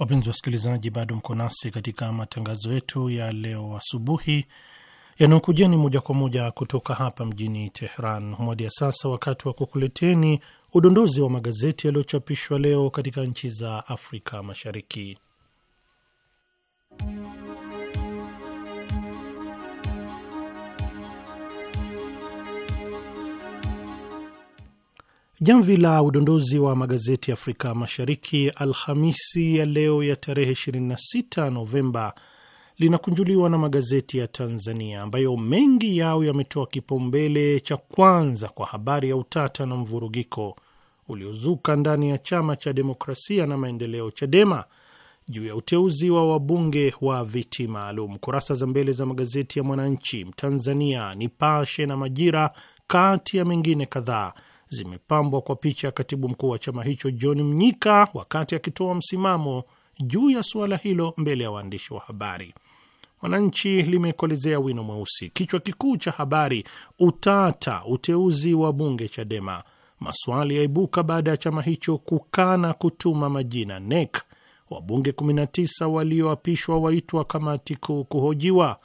Wapenzi wasikilizaji, bado mko nasi katika matangazo yetu ya leo asubuhi yanayokujeni moja kwa moja kutoka hapa mjini Teheran. Modi ya sasa wakati wa kukuleteni udondozi wa magazeti yaliyochapishwa leo katika nchi za Afrika Mashariki. Jamvi la udondozi wa magazeti ya Afrika Mashariki Alhamisi ya leo ya tarehe 26 Novemba linakunjuliwa na magazeti ya Tanzania ambayo mengi yao yametoa kipaumbele cha kwanza kwa habari ya utata na mvurugiko uliozuka ndani ya Chama cha Demokrasia na Maendeleo, CHADEMA, juu ya uteuzi wa wabunge wa viti maalum. Kurasa za mbele za magazeti ya Mwananchi, Mtanzania, Nipashe na Majira, kati ya mengine kadhaa zimepambwa kwa picha ya katibu mkuu wa chama hicho John Mnyika wakati akitoa msimamo juu ya suala hilo mbele ya waandishi wa habari. Mwananchi limekolezea wino mweusi, kichwa kikuu cha habari: utata uteuzi wa bunge Chadema, maswali yaibuka baada ya chama hicho kukana kutuma majina NEC wabunge 19 walioapishwa waitwa kamati kuu kuhojiwa.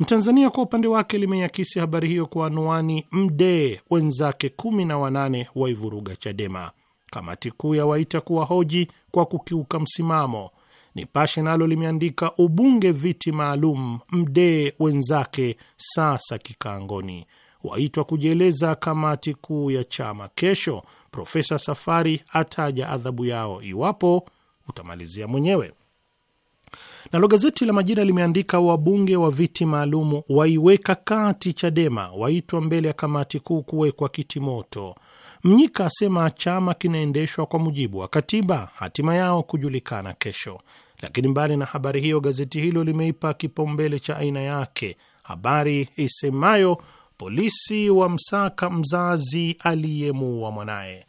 Mtanzania kwa upande wake limeyakisi habari hiyo kwa anwani Mdee wenzake 18 na waivuruga Chadema, kamati kuu ya waita kuwahoji kwa kukiuka msimamo. Nipashe nalo limeandika ubunge viti maalum, Mdee wenzake sasa kikaangoni, waitwa kujieleza kamati kuu ya chama kesho. Profesa Safari ataja adhabu yao iwapo utamalizia mwenyewe. Nalo gazeti la Majira limeandika wabunge wa viti maalumu waiweka kati Chadema, waitwa mbele ya kamati kuu kuwekwa kitimoto. Mnyika asema chama kinaendeshwa kwa mujibu wa katiba, hatima yao kujulikana kesho. Lakini mbali na habari hiyo, gazeti hilo limeipa kipaumbele cha aina yake habari isemayo polisi wamsaka mzazi aliyemuua mwanaye.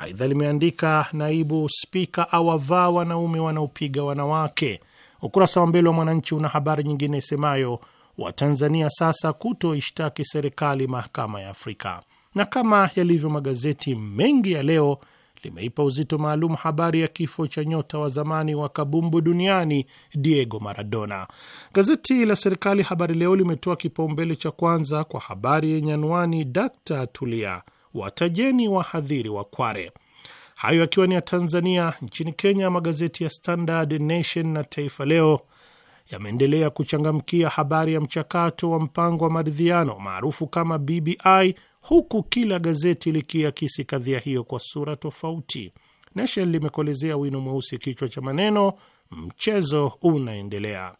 Aidha limeandika naibu spika awavaa wanaume wanaopiga wanawake. Ukurasa wa mbele wa Mwananchi una habari nyingine isemayo Watanzania sasa kutoishtaki serikali mahakama ya Afrika. Na kama yalivyo magazeti mengi ya leo, limeipa uzito maalum habari ya kifo cha nyota wa zamani wa kabumbu duniani Diego Maradona. Gazeti la serikali Habari Leo limetoa kipaumbele cha kwanza kwa habari yenye anwani Dkt Tulia watajeni wahadhiri wa Kware. Hayo akiwa ni ya Tanzania. Nchini Kenya, magazeti ya Standard, Nation na Taifa Leo yameendelea kuchangamkia habari ya mchakato wa mpango wa maridhiano maarufu kama BBI, huku kila gazeti likiakisi kadhia hiyo kwa sura tofauti. Nation limekolezea wino mweusi kichwa cha maneno mchezo unaendelea.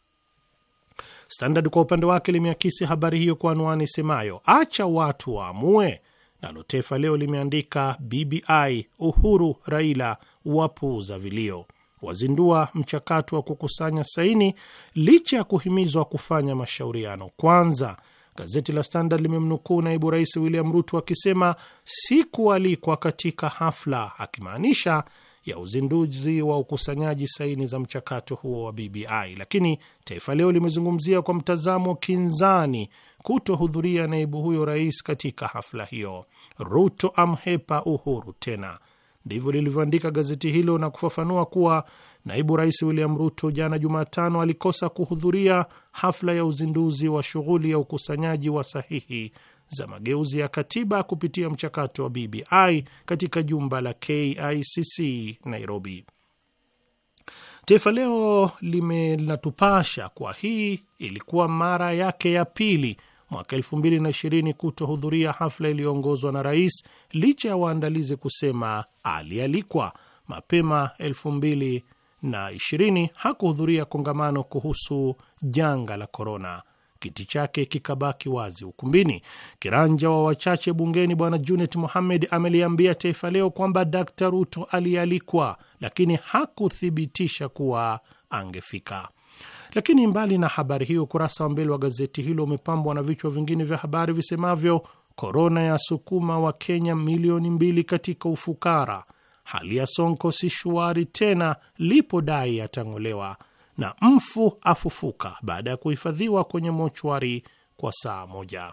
Standard kwa upande wake limeakisi habari hiyo kwa anwani semayo acha watu waamue, Nalo Taifa Leo limeandika BBI, Uhuru, Raila wapuuza vilio, wazindua mchakato wa kukusanya saini licha ya kuhimizwa kufanya mashauriano kwanza. Gazeti la Standard limemnukuu naibu rais William Ruto akisema sikualikwa katika hafla, akimaanisha ya uzinduzi wa ukusanyaji saini za mchakato huo wa BBI. Lakini Taifa Leo limezungumzia kwa mtazamo kinzani kutohudhuria naibu huyo rais katika hafla hiyo. Ruto amhepa Uhuru tena, ndivyo lilivyoandika gazeti hilo na kufafanua kuwa naibu rais William Ruto jana Jumatano alikosa kuhudhuria hafla ya uzinduzi wa shughuli ya ukusanyaji wa sahihi za mageuzi ya katiba kupitia mchakato wa BBI katika jumba la KICC Nairobi. Taifa Leo linatupasha kwa hii ilikuwa mara yake ya pili mwaka ishirini kutohudhuria hafla iliyoongozwa na rais licha ya waandalizi kusema alialikwa. Mapema ishirini hakuhudhuria kongamano kuhusu janga la korona kiti chake kikabaki wazi ukumbini. Kiranja wa wachache bungeni Bwana Junet Mohamed ameliambia Taifa Leo kwamba Dkt Ruto alialikwa, lakini hakuthibitisha kuwa angefika. Lakini mbali na habari hiyo, ukurasa wa mbele wa gazeti hilo umepambwa na vichwa vingine vya habari visemavyo: korona ya sukuma wa Kenya milioni mbili katika ufukara, hali ya Sonko si shwari tena, lipo dai yatang'olewa na mfu afufuka baada ya kuhifadhiwa kwenye mochwari kwa saa moja.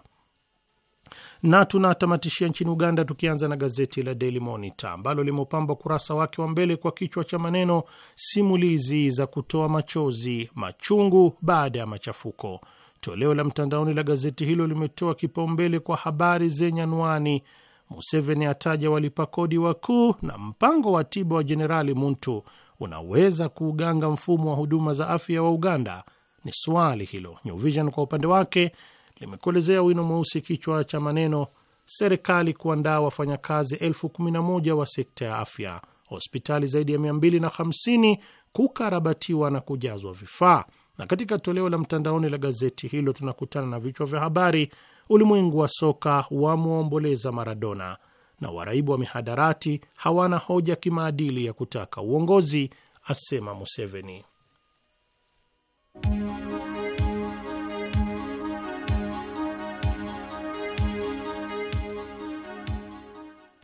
Na tunatamatishia nchini Uganda, tukianza na gazeti la Daily Monitor ambalo limepamba ukurasa wake wa mbele kwa kichwa cha maneno simulizi za kutoa machozi, machungu baada ya machafuko. Toleo la mtandaoni la gazeti hilo limetoa kipaumbele kwa habari zenye anwani Museveni ataja walipa kodi wakuu na mpango wa tiba wa Jenerali Muntu unaweza kuuganga mfumo wa huduma za afya wa Uganda? Ni swali hilo. New Vision kwa upande wake limekuelezea wino mweusi, kichwa cha maneno, serikali kuandaa wafanyakazi elfu kumi na moja wa sekta ya afya, hospitali zaidi ya 250 kukarabatiwa na kujazwa vifaa. Na katika toleo la mtandaoni la gazeti hilo tunakutana na vichwa vya habari: ulimwengu wa soka wamwomboleza Maradona, na waraibu wa mihadarati hawana hoja kimaadili ya kutaka uongozi, asema Museveni.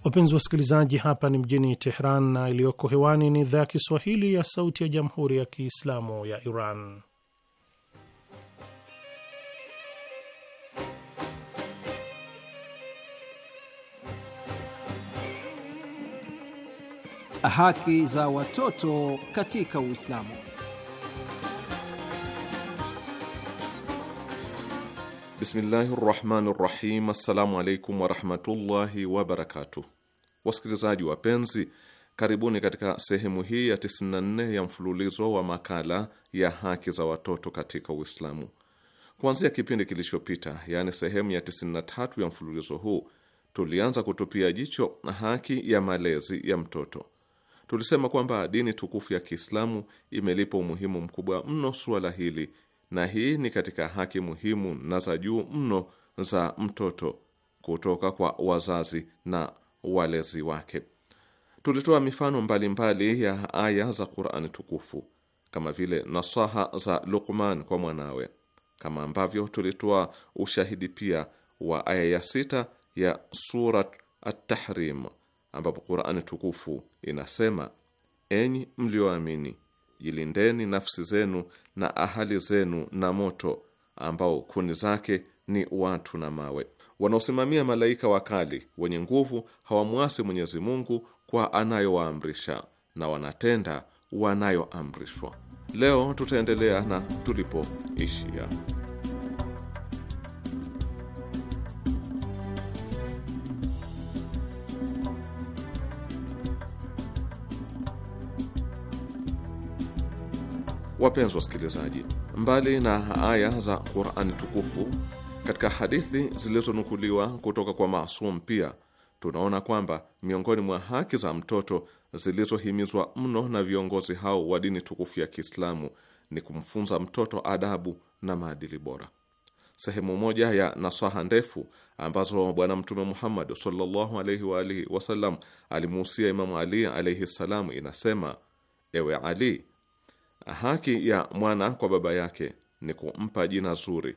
Wapenzi wasikilizaji, hapa ni mjini teheran na iliyoko hewani ni idhaa ya Kiswahili ya Sauti ya Jamhuri ya Kiislamu ya Iran. Haki za watoto katika Uislamu. Bismillahi rahmani rahim. Assalamu alaikum warahmatullahi wabarakatuh. Wasikilizaji wapenzi, karibuni katika sehemu hii ya 94 ya mfululizo wa makala ya haki za watoto katika Uislamu. Kuanzia kipindi kilichopita, yaani sehemu ya 93 ya mfululizo huu, tulianza kutupia jicho haki ya malezi ya mtoto. Tulisema kwamba dini tukufu ya Kiislamu imelipa umuhimu mkubwa mno suala hili, na hii ni katika haki muhimu na za juu mno za mtoto kutoka kwa wazazi na walezi wake. Tulitoa mifano mbalimbali mbali ya aya za Qur'ani tukufu kama vile nasaha za Luqman kwa mwanawe, kama ambavyo tulitoa ushahidi pia wa aya ya sita ya Surat At-Tahrim ambapo Qur'ani tukufu inasema: enyi mlioamini, jilindeni nafsi zenu na ahali zenu na moto ambao kuni zake ni watu na mawe. Wanaosimamia malaika wakali wenye nguvu hawamwasi Mwenyezi Mungu kwa anayowaamrisha na wanatenda wanayoamrishwa. Leo tutaendelea na tulipoishia. Wapenzi wasikilizaji, mbali na aya za Qurani tukufu katika hadithi zilizonukuliwa kutoka kwa masum pia tunaona kwamba miongoni mwa haki za mtoto zilizohimizwa mno na viongozi hao wa dini tukufu ya Kiislamu ni kumfunza mtoto adabu na maadili bora. Sehemu moja ya nasaha ndefu ambazo Bwana Mtume Muhammad sallallahu alaihi wa alihi wasallam alimuhusia Imamu Ali alaihi ssalam inasema: ewe Ali, Haki ya mwana kwa baba yake ni kumpa jina zuri,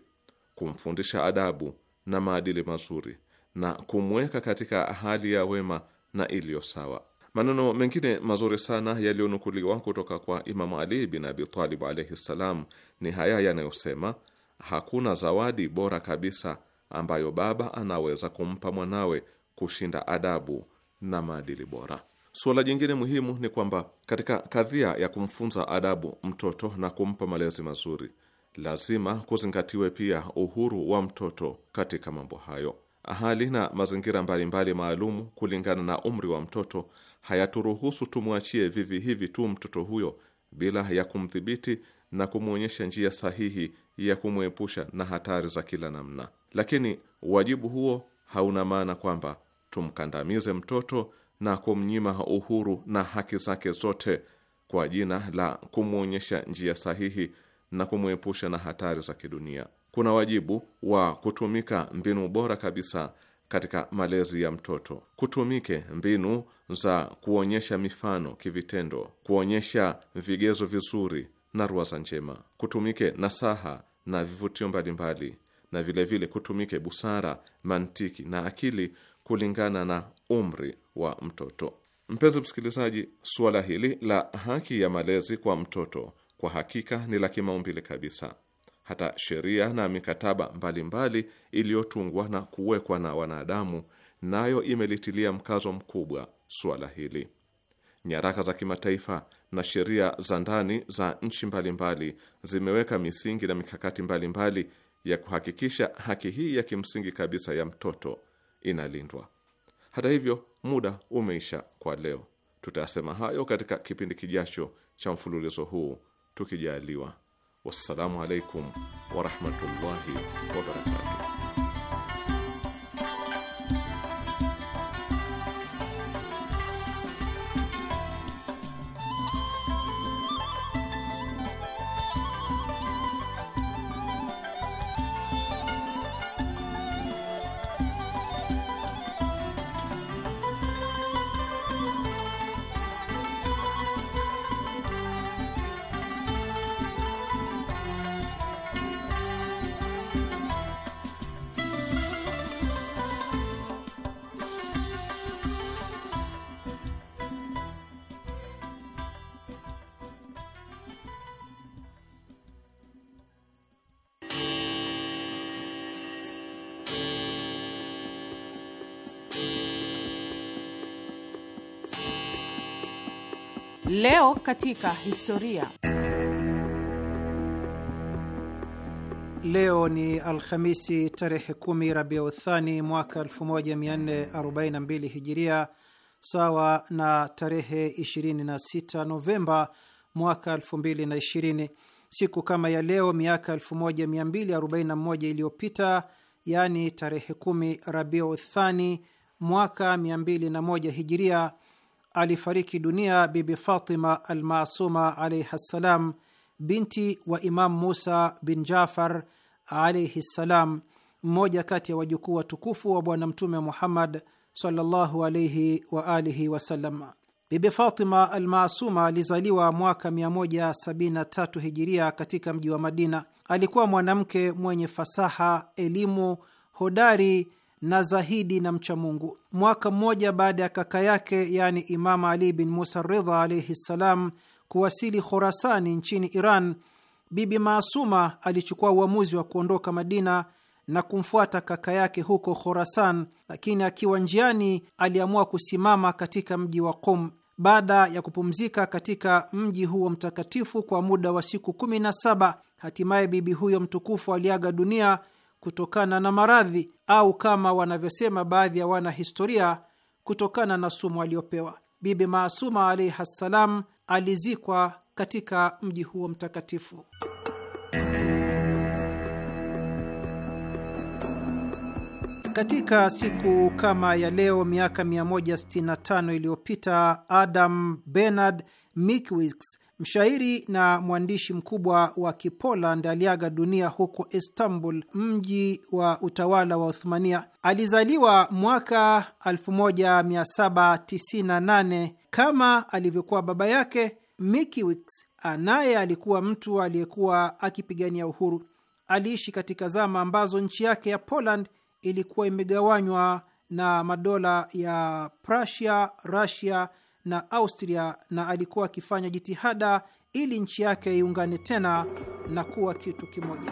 kumfundisha adabu na maadili mazuri na kumweka katika hali ya wema na iliyo sawa. Maneno mengine mazuri sana yaliyonukuliwa kutoka kwa Imamu Ali bin Abi Talib alaihi ssalam ni haya yanayosema, hakuna zawadi bora kabisa ambayo baba anaweza kumpa mwanawe kushinda adabu na maadili bora. Suala jingine muhimu ni kwamba katika kadhia ya kumfunza adabu mtoto na kumpa malezi mazuri, lazima kuzingatiwe pia uhuru wa mtoto katika mambo hayo. Hali na mazingira mbalimbali maalumu kulingana na umri wa mtoto hayaturuhusu tumwachie vivi hivi tu mtoto huyo bila ya kumdhibiti na kumwonyesha njia sahihi ya kumwepusha na hatari za kila namna. Lakini wajibu huo hauna maana kwamba tumkandamize mtoto na kumnyima uhuru na haki zake zote kwa jina la kumwonyesha njia sahihi na kumwepusha na hatari za kidunia. Kuna wajibu wa kutumika mbinu bora kabisa katika malezi ya mtoto. Kutumike mbinu za kuonyesha mifano kivitendo, kuonyesha vigezo vizuri na ruwaza njema, kutumike nasaha na vivutio mbalimbali, na vilevile vile kutumike busara, mantiki na akili kulingana na umri wa mtoto. Mpenzi msikilizaji, suala hili la haki ya malezi kwa mtoto kwa hakika ni la kimaumbile kabisa. Hata sheria na mikataba mbalimbali iliyotungwa na kuwekwa na wanadamu nayo imelitilia mkazo mkubwa suala hili. Nyaraka za kimataifa na sheria za ndani za nchi mbalimbali zimeweka misingi na mikakati mbalimbali ya kuhakikisha haki hii ya kimsingi kabisa ya mtoto inalindwa. Hata hivyo, muda umeisha kwa leo. Tutayasema hayo katika kipindi kijacho cha mfululizo huu tukijaliwa. Wassalamu alaikum warahmatullahi wabarakatuh. Leo katika historia. Leo ni Alhamisi tarehe kumi Rabiuthani mwaka 1442 Hijiria, sawa na tarehe 26 Novemba mwaka 2020. Siku kama ya leo miaka 1241 iliyopita, yaani tarehe kumi Thani mwaka 201 Hijiria alifariki dunia Bibi Fatima Almasuma alaihi ssalam, binti wa Imamu Musa bin Jafar alaihi ssalam, mmoja kati ya wajukuu watukufu wa Bwana Mtume Muhammad sallallahu alaihi wa alihi wasallam. Bibi Fatima Almasuma alizaliwa mwaka 173 hijiria katika mji wa Madina. Alikuwa mwanamke mwenye fasaha, elimu, hodari na zahidi na mcha Mungu. Mwaka mmoja baada ya kaka yake yaani Imam Ali bin Musa Ridha alaihi ssalam kuwasili Khorasani nchini Iran, Bibi Maasuma alichukua uamuzi wa kuondoka Madina na kumfuata kaka yake huko Khorasan, lakini akiwa njiani aliamua kusimama katika mji wa Qum. Baada ya kupumzika katika mji huo mtakatifu kwa muda wa siku kumi na saba, hatimaye bibi huyo mtukufu aliaga dunia kutokana na maradhi au kama wanavyosema baadhi ya wanahistoria, kutokana na sumu aliyopewa. Bibi Maasuma alaihi ssalam alizikwa katika mji huo mtakatifu. Katika siku kama ya leo miaka 165 iliyopita Adam Bernard Mickiewicz Mshairi na mwandishi mkubwa wa Kipoland aliaga dunia huko Istanbul, mji wa utawala wa Uthmania. Alizaliwa mwaka 1798 kama alivyokuwa baba yake Mickiewicz, naye alikuwa mtu aliyekuwa akipigania uhuru. Aliishi katika zama ambazo nchi yake ya Poland ilikuwa imegawanywa na madola ya Prussia, Russia na Austria na alikuwa akifanya jitihada ili nchi yake iungane tena na kuwa kitu kimoja.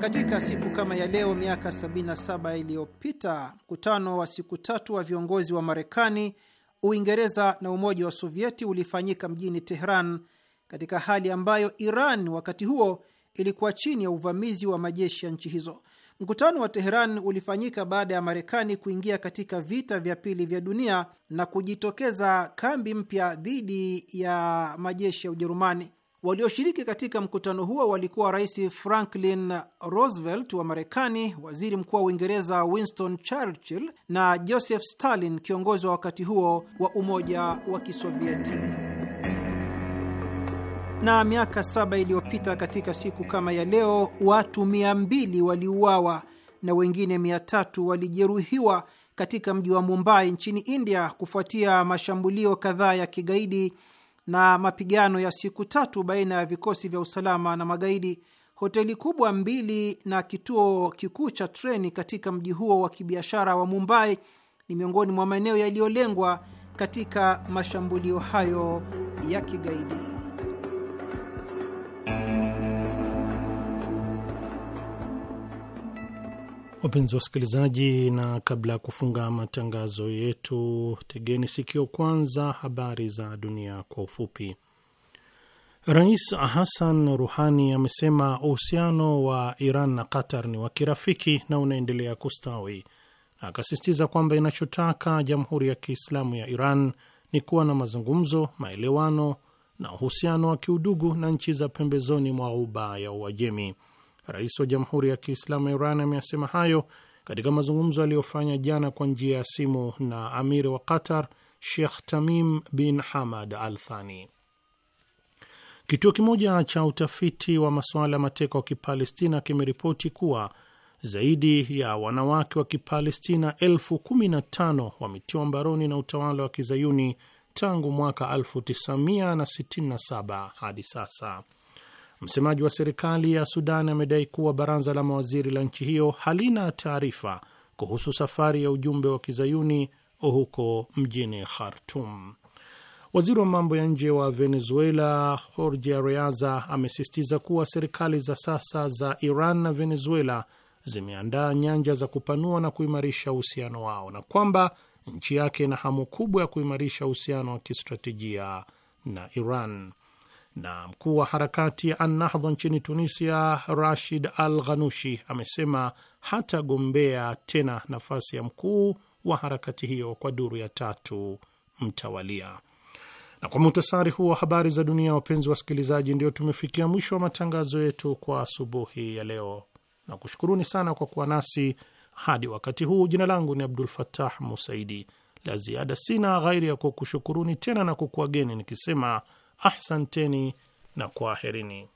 Katika siku kama ya leo miaka 77 iliyopita, mkutano wa siku tatu wa viongozi wa Marekani, Uingereza na Umoja wa Sovieti ulifanyika mjini Tehran katika hali ambayo Iran wakati huo ilikuwa chini ya uvamizi wa majeshi ya nchi hizo. Mkutano wa Teheran ulifanyika baada ya Marekani kuingia katika vita vya pili vya dunia na kujitokeza kambi mpya dhidi ya majeshi ya Ujerumani. Walioshiriki katika mkutano huo walikuwa Rais Franklin Roosevelt wa Marekani, Waziri Mkuu wa Uingereza Winston Churchill na Joseph Stalin, kiongozi wa wakati huo wa Umoja wa Kisovieti na miaka saba iliyopita katika siku kama ya leo watu mia mbili waliuawa na wengine mia tatu walijeruhiwa katika mji wa Mumbai nchini India kufuatia mashambulio kadhaa ya kigaidi na mapigano ya siku tatu baina ya vikosi vya usalama na magaidi. Hoteli kubwa mbili na kituo kikuu cha treni katika mji huo wa kibiashara wa Mumbai ni miongoni mwa maeneo yaliyolengwa katika mashambulio hayo ya kigaidi. Wapenzi wa wasikilizaji, na kabla ya kufunga matangazo yetu, tegeni sikio kwanza habari za dunia kwa ufupi. Rais Hassan Ruhani amesema uhusiano wa Iran na Qatar ni wa kirafiki na unaendelea kustawi, na akasisitiza kwamba inachotaka Jamhuri ya Kiislamu ya Iran ni kuwa na mazungumzo, maelewano na uhusiano wa kiudugu na nchi za pembezoni mwa Ghuba ya Uajemi. Rais wa Jamhuri ya Kiislamu ya Iran ameyasema hayo katika mazungumzo aliyofanya jana kwa njia ya simu na amir wa Qatar, shekh Tamim bin Hamad Al Thani. Kituo kimoja cha utafiti wa masuala ya mateka wa Kipalestina kimeripoti kuwa zaidi ya wanawake wa Kipalestina elfu kumi na tano wametiwa mbaroni na utawala wa kizayuni tangu mwaka 1967 hadi sasa. Msemaji wa serikali ya Sudan amedai kuwa baraza la mawaziri la nchi hiyo halina taarifa kuhusu safari ya ujumbe wa kizayuni huko mjini Khartum. Waziri wa mambo ya nje wa Venezuela Jorge Arreaza amesisitiza kuwa serikali za sasa za Iran na Venezuela zimeandaa nyanja za kupanua na kuimarisha uhusiano wao na kwamba nchi yake ina hamu kubwa ya kuimarisha uhusiano wa kistratejia na Iran na mkuu wa harakati ya Annahdha nchini Tunisia, Rashid Al Ghanushi, amesema hatagombea tena nafasi ya mkuu wa harakati hiyo kwa duru ya tatu mtawalia. Na kwa muhtasari huu wa habari za dunia, wapenzi wa wasikilizaji, ndio tumefikia mwisho wa matangazo yetu kwa asubuhi ya leo. Nakushukuruni sana kwa kuwa nasi hadi wakati huu. Jina langu ni Abdul Fatah Musaidi. La ziada sina ghairi ya kukushukuruni tena na kukuageni nikisema Ahsanteni na kwaherini.